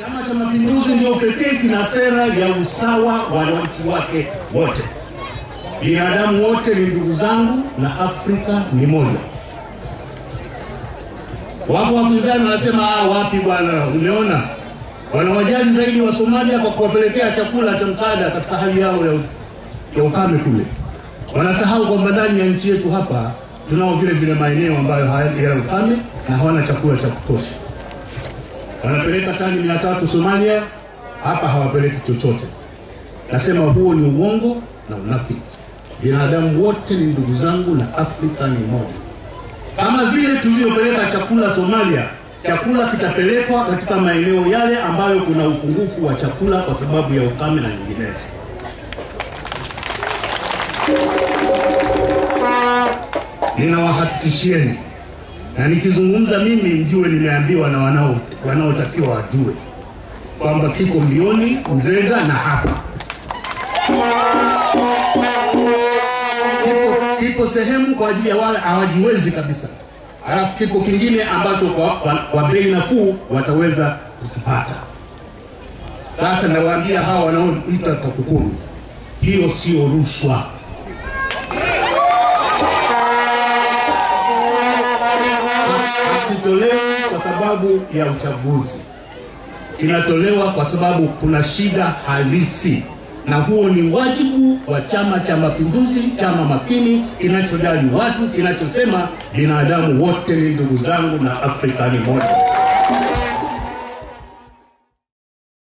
Chama cha Mapinduzi ndio pekee kina sera ya usawa wa watu wake wote. Binadamu wote ni ndugu zangu na Afrika ni moja. Wapo wapinzani wanasema, ah, wapi bwana, umeona wanawajali zaidi wa Somalia kwa kuwapelekea chakula cha msaada katika hali yao ya ukame kule. Wanasahau kwamba ndani ya nchi yetu hapa tunao vile vile maeneo ambayo hayana ukame na hawana chakula cha kutosha wanapeleka tani mia tatu Somalia, hapa hawapeleki chochote. Nasema huo ni uongo na unafiki. Binadamu wote ni ndugu zangu na Afrika ni moja. Kama vile tulivyopeleka chakula Somalia, chakula kitapelekwa katika maeneo yale ambayo kuna upungufu wa chakula kwa sababu ya ukame na nyinginezo. Ninawahakikishieni na nikizungumza mimi mjue nimeambiwa na wanao wanaotakiwa wajue kwamba kiko Mioni, Nzega na hapa kiko, kiko sehemu kwa ajili ya wale hawajiwezi kabisa, alafu kiko kingine ambacho kwa, kwa, kwa bei nafuu wataweza kukipata. Sasa nawaambia hawa wanaoita TAKUKURU, hiyo sio rushwa. hakitolewa kwa sababu ya uchaguzi, kinatolewa kwa sababu kuna shida halisi, na huo ni wajibu wa Chama cha Mapinduzi, chama makini kinachodali watu, kinachosema binadamu wote ni ndugu zangu na Afrika ni moja.